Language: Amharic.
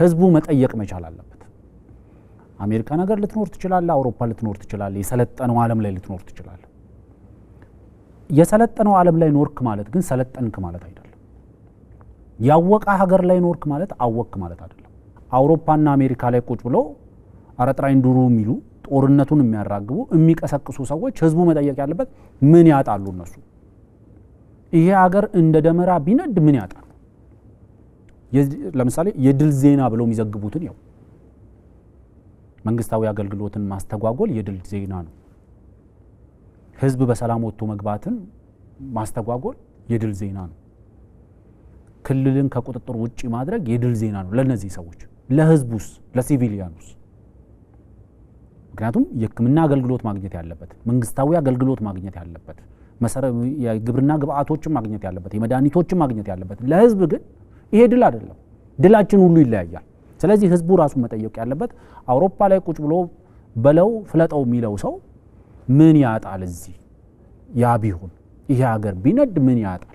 ህዝቡ መጠየቅ መቻል አለበት። አሜሪካን ሀገር ልትኖር ትችላለ፣ አውሮፓ ልትኖር ትችላለ፣ የሰለጠነው ዓለም ላይ ልትኖር ትችላለ። የሰለጠነው ዓለም ላይ ኖርክ ማለት ግን ሰለጠንክ ማለት አይደለም። ያወቀ ሀገር ላይ ኖርክ ማለት አወቅክ ማለት አይደለም። አውሮፓና አሜሪካ ላይ ቁጭ ብለው አረጥራይን ዱሩ የሚሉ ጦርነቱን የሚያራግቡ የሚቀሰቅሱ ሰዎች ህዝቡ መጠየቅ ያለበት ምን ያጣሉ እነሱ? ይሄ ሀገር እንደ ደመራ ቢነድ ምን ያጣል? ለምሳሌ የድል ዜና ብለው የሚዘግቡትን ያው መንግስታዊ አገልግሎትን ማስተጓጎል የድል ዜና ነው። ህዝብ በሰላም ወጥቶ መግባትን ማስተጓጎል የድል ዜና ነው። ክልልን ከቁጥጥር ውጭ ማድረግ የድል ዜና ነው ለእነዚህ ሰዎች። ለህዝቡስ? ለሲቪሊያኑስ? ምክንያቱም የህክምና አገልግሎት ማግኘት ያለበት፣ መንግስታዊ አገልግሎት ማግኘት ያለበት፣ የግብርና ግብአቶችን ማግኘት ያለበት፣ የመድኃኒቶችን ማግኘት ያለበት ለህዝብ ግን ይሄ ድል አይደለም። ድላችን ሁሉ ይለያያል። ስለዚህ ህዝቡ ራሱ መጠየቅ ያለበት አውሮፓ ላይ ቁጭ ብሎ በለው ፍለጠው የሚለው ሰው ምን ያጣል? እዚህ ያ ቢሆን ይሄ ሀገር ቢነድ ምን ያጣል?